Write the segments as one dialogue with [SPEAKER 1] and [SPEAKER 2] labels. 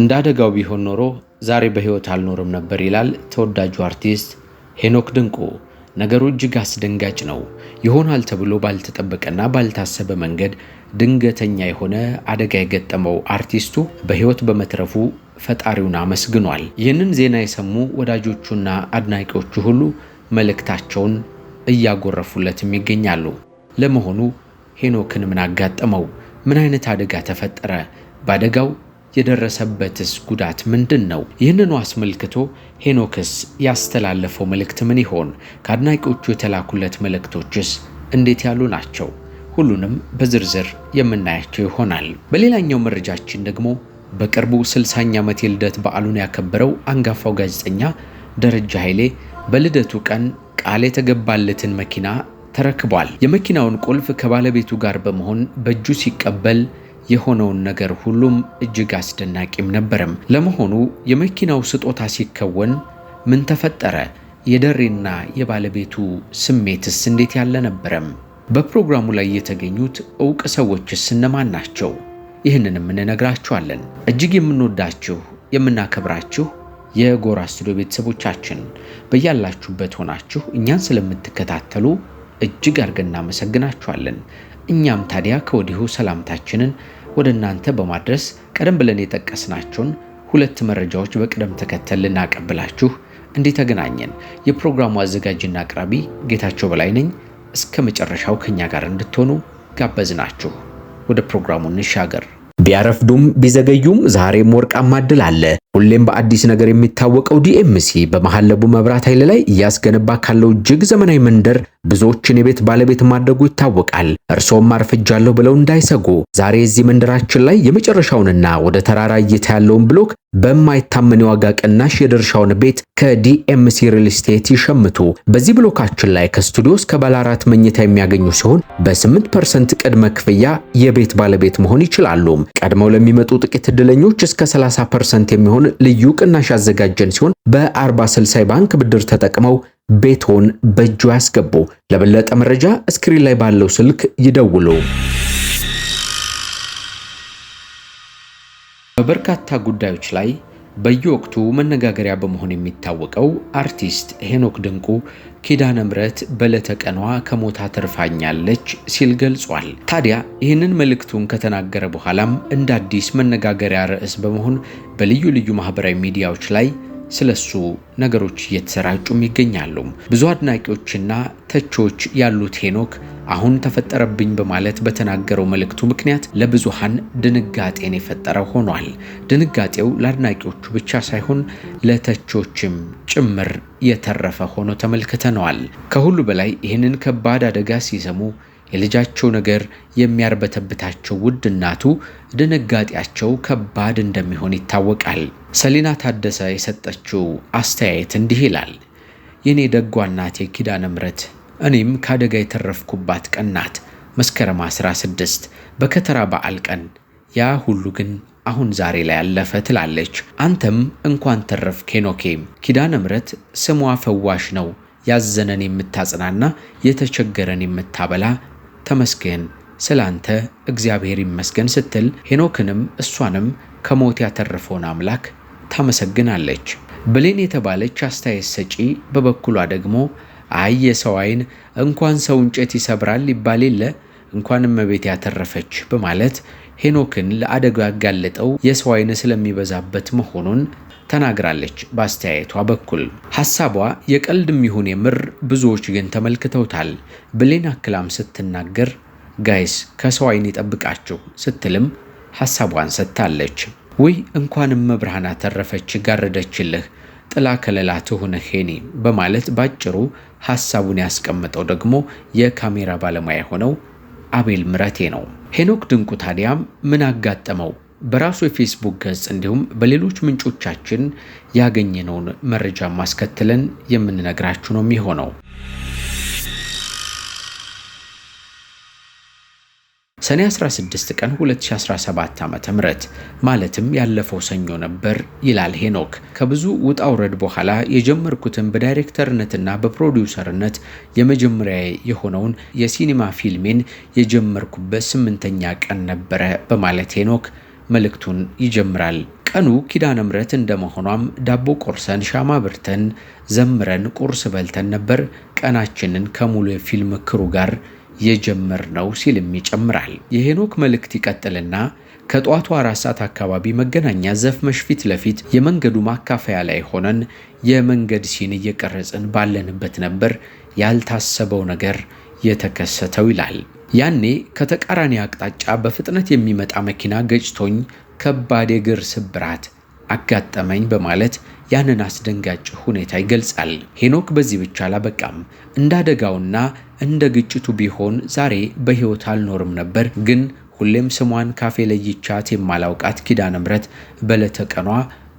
[SPEAKER 1] እንደ አደጋው ቢሆን ኖሮ ዛሬ በህይወት አልኖርም ነበር ይላል ተወዳጁ አርቲስት ሄኖክ ድንቁ። ነገሩ እጅግ አስደንጋጭ ነው። ይሆናል ተብሎ ባልተጠበቀና ባልታሰበ መንገድ ድንገተኛ የሆነ አደጋ የገጠመው አርቲስቱ በህይወት በመትረፉ ፈጣሪውን አመስግኗል። ይህንን ዜና የሰሙ ወዳጆቹና አድናቂዎቹ ሁሉ መልእክታቸውን እያጎረፉለትም ይገኛሉ። ለመሆኑ ሄኖክን ምን አጋጠመው? ምን አይነት አደጋ ተፈጠረ? በአደጋው የደረሰበትስ ጉዳት ምንድን ነው? ይህንኑ አስመልክቶ ሄኖክስ ያስተላለፈው መልእክት ምን ይሆን? ከአድናቂዎቹ የተላኩለት መልእክቶችስ እንዴት ያሉ ናቸው? ሁሉንም በዝርዝር የምናያቸው ይሆናል። በሌላኛው መረጃችን ደግሞ በቅርቡ 60ኛ ዓመት የልደት በዓሉን ያከበረው አንጋፋው ጋዜጠኛ ደረጃ ኃይሌ በልደቱ ቀን ቃል የተገባለትን መኪና ተረክቧል። የመኪናውን ቁልፍ ከባለቤቱ ጋር በመሆን በእጁ ሲቀበል የሆነውን ነገር ሁሉም እጅግ አስደናቂም ነበርም። ለመሆኑ የመኪናው ስጦታ ሲከወን ምን ተፈጠረ? የደሬና የባለቤቱ ስሜትስ እንዴት ያለ ነበረም? በፕሮግራሙ ላይ የተገኙት እውቅ ሰዎችስ እነማን ናቸው? ይህንንም እንነግራችኋለን። እጅግ የምንወዳችሁ የምናከብራችሁ የጎራ ስቱዲዮ ቤተሰቦቻችን በያላችሁበት ሆናችሁ እኛን ስለምትከታተሉ እጅግ አድርገን እናመሰግናችኋለን። እኛም ታዲያ ከወዲሁ ሰላምታችንን ወደ እናንተ በማድረስ ቀደም ብለን የጠቀስናቸውን ሁለት መረጃዎች በቅደም ተከተል ልናቀብላችሁ እንዲህ ተገናኘን። የፕሮግራሙ አዘጋጅና አቅራቢ ጌታቸው በላይ ነኝ። እስከ መጨረሻው ከኛ ጋር እንድትሆኑ ጋበዝናችሁ። ወደ ፕሮግራሙ እንሻገር።
[SPEAKER 2] ቢያረፍዱም ቢዘገዩም ዛሬም ወርቃማ እድል አለ። ሁሌም በአዲስ ነገር የሚታወቀው ዲኤምሲ በመሐለቡ መብራት ኃይል ላይ እያስገነባ ካለው እጅግ ዘመናዊ መንደር ብዙዎችን የቤት ባለቤት ማድረጉ ይታወቃል። እርስዎም አርፍጃለሁ ብለው እንዳይሰጉ፣ ዛሬ እዚህ መንደራችን ላይ የመጨረሻውንና ወደ ተራራ እይታ ያለውን ብሎክ በማይታመን የዋጋ ቅናሽ የድርሻውን ቤት ከዲኤምሲ ሪል ስቴት ይሸምቱ። በዚህ ብሎካችን ላይ ከስቱዲዮ እስከ ባለ አራት መኝታ የሚያገኙ ሲሆን በ8 ፐርሰንት ቅድመ ክፍያ የቤት ባለቤት መሆን ይችላሉ። ቀድመው ለሚመጡ ጥቂት ዕድለኞች እስከ 30 ፐርሰንት የሚሆን የሚሆን ልዩ ቅናሽ አዘጋጀን ሲሆን በ 40 60 ባንክ ብድር ተጠቅመው ቤቶን በእጁ ያስገቡ። ለበለጠ መረጃ እስክሪን ላይ ባለው ስልክ ይደውሉ።
[SPEAKER 1] በበርካታ ጉዳዮች ላይ በየወቅቱ መነጋገሪያ በመሆን የሚታወቀው አርቲስት ሄኖክ ድንቁ ኪዳነ ምሕረት በዕለተ ቀኗ ትርፋኛለች አተርፋኛለች ሲል ገልጿል። ታዲያ ይህንን መልእክቱን ከተናገረ በኋላም እንደ አዲስ መነጋገሪያ ርዕስ በመሆን በልዩ ልዩ ማህበራዊ ሚዲያዎች ላይ ስለሱ ነገሮች እየተሰራጩም ይገኛሉ። ብዙ አድናቂዎችና ተቾች ያሉት ሄኖክ አሁን ተፈጠረብኝ በማለት በተናገረው መልእክቱ ምክንያት ለብዙሃን ድንጋጤን የፈጠረ ሆኗል። ድንጋጤው ለአድናቂዎቹ ብቻ ሳይሆን ለተቾችም ጭምር የተረፈ ሆኖ ተመልክተነዋል። ከሁሉ በላይ ይህንን ከባድ አደጋ ሲሰሙ የልጃቸው ነገር የሚያርበተብታቸው ውድ እናቱ ድንጋጤያቸው ከባድ እንደሚሆን ይታወቃል። ሰሊና ታደሰ የሰጠችው አስተያየት እንዲህ ይላል። የእኔ ደጓ እናቴ ኪዳነ ምሕረት እኔም ከአደጋ የተረፍኩባት ቀን ናት፣ መስከረም 16 በከተራ በዓል ቀን። ያ ሁሉ ግን አሁን ዛሬ ላይ ያለፈ ትላለች። አንተም እንኳን ተረፍ ኬኖኬ። ኪዳነ ምሕረት ስሟ ፈዋሽ ነው። ያዘነን የምታጽናና የተቸገረን የምታበላ ተመስገን ስላንተ እግዚአብሔር ይመስገን ስትል ሄኖክንም እሷንም ከሞት ያተረፈውን አምላክ ታመሰግናለች። ብሌን የተባለች አስተያየት ሰጪ በበኩሏ ደግሞ አይ የሰው አይን እንኳን ሰው እንጨት ይሰብራል ይባል የለ እንኳን መቤት ያተረፈች በማለት ሄኖክን ለአደጋ ያጋለጠው የሰው አይን ስለሚበዛበት መሆኑን ተናግራለች። በአስተያየቷ በኩል ሀሳቧ የቀልድም ይሁን የምር ብዙዎች ግን ተመልክተውታል። ብሌን አክላም ስትናገር ጋይስ ከሰው አይን ይጠብቃችሁ ስትልም ሀሳቧን ሰጥታለች። ውይ እንኳንም መብርሃን አተረፈች ጋረደችልህ ጥላ ከለላ ትሁነ ሄኒ በማለት ባጭሩ ሀሳቡን ያስቀመጠው ደግሞ የካሜራ ባለሙያ የሆነው አቤል ምረቴ ነው። ሄኖክ ድንቁ ታዲያም ምን አጋጠመው በራሱ የፌስቡክ ገጽ እንዲሁም በሌሎች ምንጮቻችን ያገኘነውን መረጃ ማስከትለን የምንነግራችሁ ነው የሚሆነው። ሰኔ 16 ቀን 2017 ም ማለትም ያለፈው ሰኞ ነበር ይላል ሄኖክ። ከብዙ ውጣ ውረድ በኋላ የጀመርኩትን በዳይሬክተርነትና በፕሮዲውሰርነት የመጀመሪያ የሆነውን የሲኒማ ፊልሜን የጀመርኩበት ስምንተኛ ቀን ነበረ በማለት ሄኖክ መልእክቱን ይጀምራል። ቀኑ ኪዳነ ምሕረት እንደመሆኗም ዳቦ ቆርሰን ሻማ ብርተን ዘምረን ቁርስ በልተን ነበር ቀናችንን ከሙሉ የፊልም ክሩ ጋር ነው ሲልም ይጨምራል። የሄኖክ መልእክት ይቀጥልና ከጠዋቱ አራት ሰዓት አካባቢ መገናኛ ዘፍመሽ ፊት ለፊት የመንገዱ ማካፈያ ላይ ሆነን የመንገድ ሲን እየቀረጽን ባለንበት ነበር ያልታሰበው ነገር የተከሰተው ይላል። ያኔ ከተቃራኒ አቅጣጫ በፍጥነት የሚመጣ መኪና ገጭቶኝ ከባድ የእግር ስብራት አጋጠመኝ በማለት ያንን አስደንጋጭ ሁኔታ ይገልጻል። ሄኖክ በዚህ ብቻ አላበቃም። እንደ አደጋውና እንደ ግጭቱ ቢሆን ዛሬ በሕይወት አልኖርም ነበር ግን ሁሌም ስሟን ካፌ ለይቻት የማላውቃት ኪዳነ ምሕረት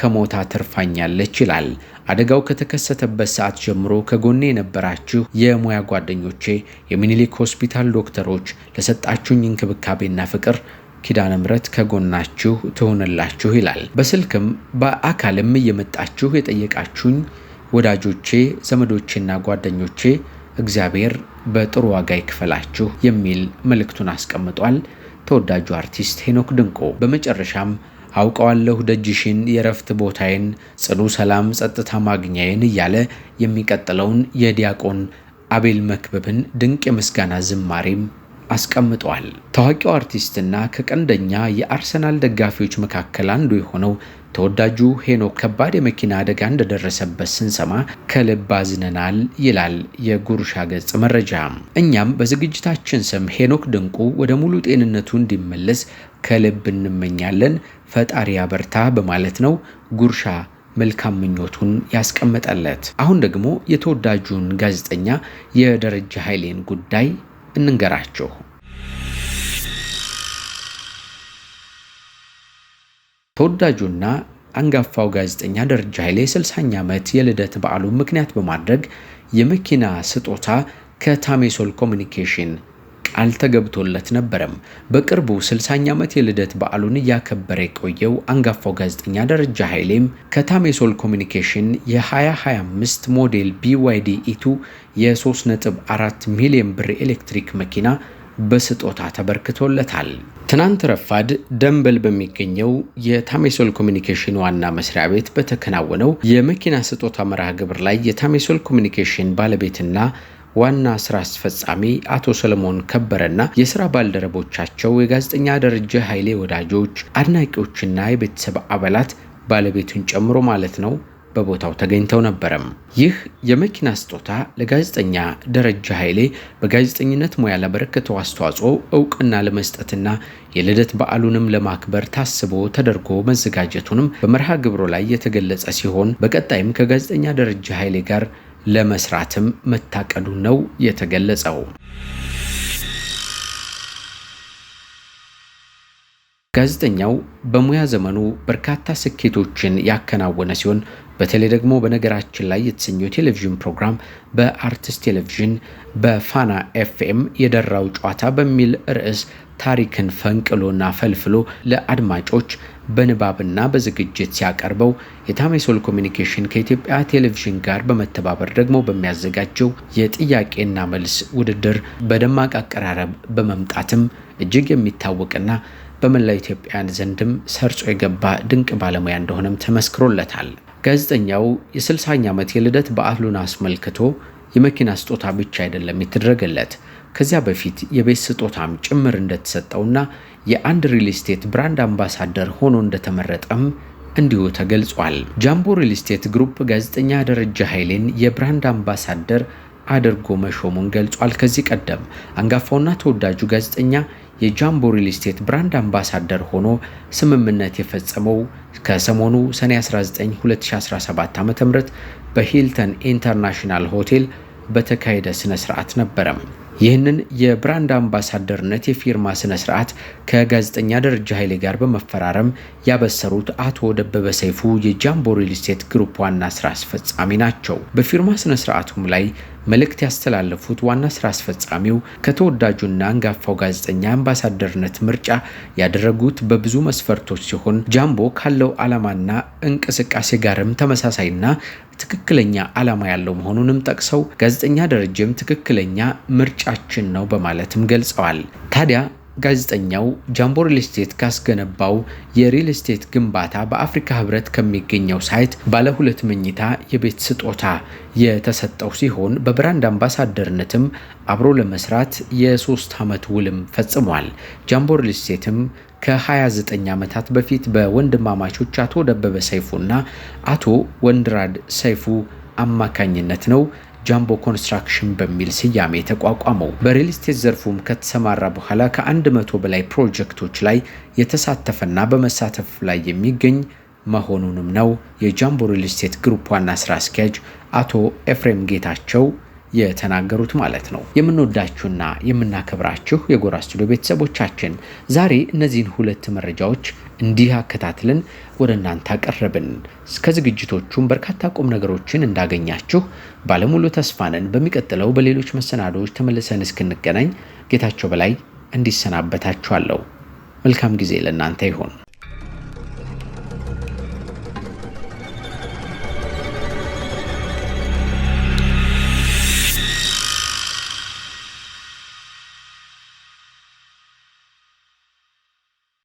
[SPEAKER 1] ከሞታ ትርፋኛለች ይላል። አደጋው ከተከሰተበት ሰዓት ጀምሮ ከጎኔ የነበራችሁ የሙያ ጓደኞቼ፣ የሚኒሊክ ሆስፒታል ዶክተሮች ለሰጣችሁኝ እንክብካቤና ፍቅር ኪዳነ ምሕረት ከጎናችሁ ትሆንላችሁ ይላል። በስልክም በአካልም እየመጣችሁ የጠየቃችሁኝ ወዳጆቼ፣ ዘመዶቼና ጓደኞቼ እግዚአብሔር በጥሩ ዋጋ ይክፈላችሁ የሚል መልእክቱን አስቀምጧል። ተወዳጁ አርቲስት ሄኖክ ድንቆ በመጨረሻም አውቀዋለሁ ደጅሽን የረፍት ቦታዬን ጽኑ ሰላም ጸጥታ ማግኛዬን እያለ የሚቀጥለውን የዲያቆን አቤል መክበብን ድንቅ የምስጋና ዝማሬም አስቀምጧል። ታዋቂው አርቲስትና ከቀንደኛ የአርሰናል ደጋፊዎች መካከል አንዱ የሆነው ተወዳጁ ሄኖክ ከባድ የመኪና አደጋ እንደደረሰበት ስንሰማ ከልብ አዝነናል ይላል የጉርሻ ገጽ መረጃ። እኛም በዝግጅታችን ስም ሄኖክ ድንቁ ወደ ሙሉ ጤንነቱ እንዲመለስ ከልብ እንመኛለን፣ ፈጣሪ በርታ በማለት ነው ጉርሻ መልካም ምኞቱን ያስቀመጠለት። አሁን ደግሞ የተወዳጁን ጋዜጠኛ የደረጃ ኃይሌን ጉዳይ እንንገራችሁ። ተወዳጁና አንጋፋው ጋዜጠኛ ደረጃ ኃይሌ 60 ኛ ዓመት የልደት በዓሉን ምክንያት በማድረግ የመኪና ስጦታ ከታሜሶል ኮሚኒኬሽን ቃል ተገብቶለት ነበረም። በቅርቡ 60ኛ ዓመት የልደት በዓሉን እያከበረ የቆየው አንጋፋው ጋዜጠኛ ደረጃ ኃይሌም ከታሜሶል ኮሚኒኬሽን የ2025 ሞዴል ቢዋይዲ ኢቱ የ3.4 ሚሊዮን ብር ኤሌክትሪክ መኪና በስጦታ ተበርክቶለታል። ትናንት ረፋድ ደንበል በሚገኘው የታሜሶል ኮሚኒኬሽን ዋና መስሪያ ቤት በተከናወነው የመኪና ስጦታ መርሃ ግብር ላይ የታሜሶል ኮሚኒኬሽን ባለቤትና ዋና ስራ አስፈጻሚ አቶ ሰለሞን ከበረና የስራ ባልደረቦቻቸው የጋዜጠኛ ደረጀ ኃይሌ ወዳጆች፣ አድናቂዎችና የቤተሰብ አባላት ባለቤቱን ጨምሮ ማለት ነው በቦታው ተገኝተው ነበረም። ይህ የመኪና ስጦታ ለጋዜጠኛ ደረጃ ኃይሌ በጋዜጠኝነት ሙያ ለበረከተው አስተዋጽኦ እውቅና ለመስጠትና የልደት በዓሉንም ለማክበር ታስቦ ተደርጎ መዘጋጀቱንም በመርሃ ግብሮ ላይ የተገለጸ ሲሆን በቀጣይም ከጋዜጠኛ ደረጃ ኃይሌ ጋር ለመስራትም መታቀዱ ነው የተገለጸው። ጋዜጠኛው በሙያ ዘመኑ በርካታ ስኬቶችን ያከናወነ ሲሆን በተለይ ደግሞ በነገራችን ላይ የተሰኘው ቴሌቪዥን ፕሮግራም በአርቲስት ቴሌቪዥን በፋና ኤፍኤም የደራው ጨዋታ በሚል ርዕስ ታሪክን ፈንቅሎና ፈልፍሎ ለአድማጮች በንባብና በዝግጅት ሲያቀርበው የታሜሶል ኮሚኒኬሽን ከኢትዮጵያ ቴሌቪዥን ጋር በመተባበር ደግሞ በሚያዘጋጀው የጥያቄና መልስ ውድድር በደማቅ አቀራረብ በመምጣትም እጅግ የሚታወቅና በመላው ኢትዮጵያውያን ዘንድም ሰርጾ የገባ ድንቅ ባለሙያ እንደሆነም ተመስክሮለታል። ጋዜጠኛው የ60 ዓመት የልደት በዓሉን አስመልክቶ የመኪና ስጦታ ብቻ አይደለም የተደረገለት ከዚያ በፊት የቤት ስጦታም ጭምር እንደተሰጠውና የአንድ ሪል ስቴት ብራንድ አምባሳደር ሆኖ እንደተመረጠም እንዲሁ ተገልጿል። ጃምቦ ሪል ስቴት ግሩፕ ጋዜጠኛ ደረጃ ኃይሌን የብራንድ አምባሳደር አድርጎ መሾሙን ገልጿል። ከዚህ ቀደም አንጋፋውና ተወዳጁ ጋዜጠኛ የጃምቦ ሪል ስቴት ብራንድ አምባሳደር ሆኖ ስምምነት የፈጸመው ከሰሞኑ ሰኔ 19 2017 ዓ ም በሂልተን ኢንተርናሽናል ሆቴል በተካሄደ ስነ ስርዓት ነበረም። ይህንን የብራንድ አምባሳደርነት የፊርማ ስነ ስርዓት ከጋዜጠኛ ደረጃ ኃይሌ ጋር በመፈራረም ያበሰሩት አቶ ደበበ ሰይፉ የጃምቦ ሪል ስቴት ግሩፕ ዋና ስራ አስፈጻሚ ናቸው። በፊርማ ስነ ስርዓቱም ላይ መልእክት ያስተላለፉት ዋና ስራ አስፈጻሚው ከተወዳጁና አንጋፋው ጋዜጠኛ አምባሳደርነት ምርጫ ያደረጉት በብዙ መስፈርቶች ሲሆን ጃምቦ ካለው ዓላማና እንቅስቃሴ ጋርም ተመሳሳይና ትክክለኛ ዓላማ ያለው መሆኑንም ጠቅሰው ጋዜጠኛ ደረጀም ትክክለኛ ምርጫችን ነው በማለትም ገልጸዋል። ታዲያ ጋዜጠኛው ጃምቦ ሪል ስቴት ካስገነባው የሪል ስቴት ግንባታ በአፍሪካ ህብረት ከሚገኘው ሳይት ባለ ሁለት መኝታ የቤት ስጦታ የተሰጠው ሲሆን በብራንድ አምባሳደርነትም አብሮ ለመስራት የሶስት ዓመት ውልም ፈጽሟል። ጃምቦ ሪል ስቴትም ከ29 ዓመታት በፊት በወንድማማቾች አቶ ደበበ ሰይፉና አቶ ወንድራድ ሰይፉ አማካኝነት ነው ጃምቦ ኮንስትራክሽን በሚል ስያሜ የተቋቋመው በሪል ስቴት ዘርፉም ከተሰማራ በኋላ ከአንድ መቶ በላይ ፕሮጀክቶች ላይ የተሳተፈና በመሳተፍ ላይ የሚገኝ መሆኑንም ነው የጃምቦ ሪል ስቴት ግሩፕ ዋና ስራ አስኪያጅ አቶ ኤፍሬም ጌታቸው የተናገሩት ማለት ነው። የምንወዳችሁና የምናከብራችሁ የጎራ ስቱዲዮ ቤተሰቦቻችን ዛሬ እነዚህን ሁለት መረጃዎች እንዲህ አከታትለን ወደ እናንተ አቀረብን። እስከ ዝግጅቶቹም በርካታ ቁም ነገሮችን እንዳገኛችሁ ባለሙሉ ተስፋንን በሚቀጥለው በሌሎች መሰናዶዎች ተመልሰን እስክንገናኝ ጌታቸው በላይ እንዲሰናበታችኋለሁ። መልካም ጊዜ ለእናንተ ይሁን።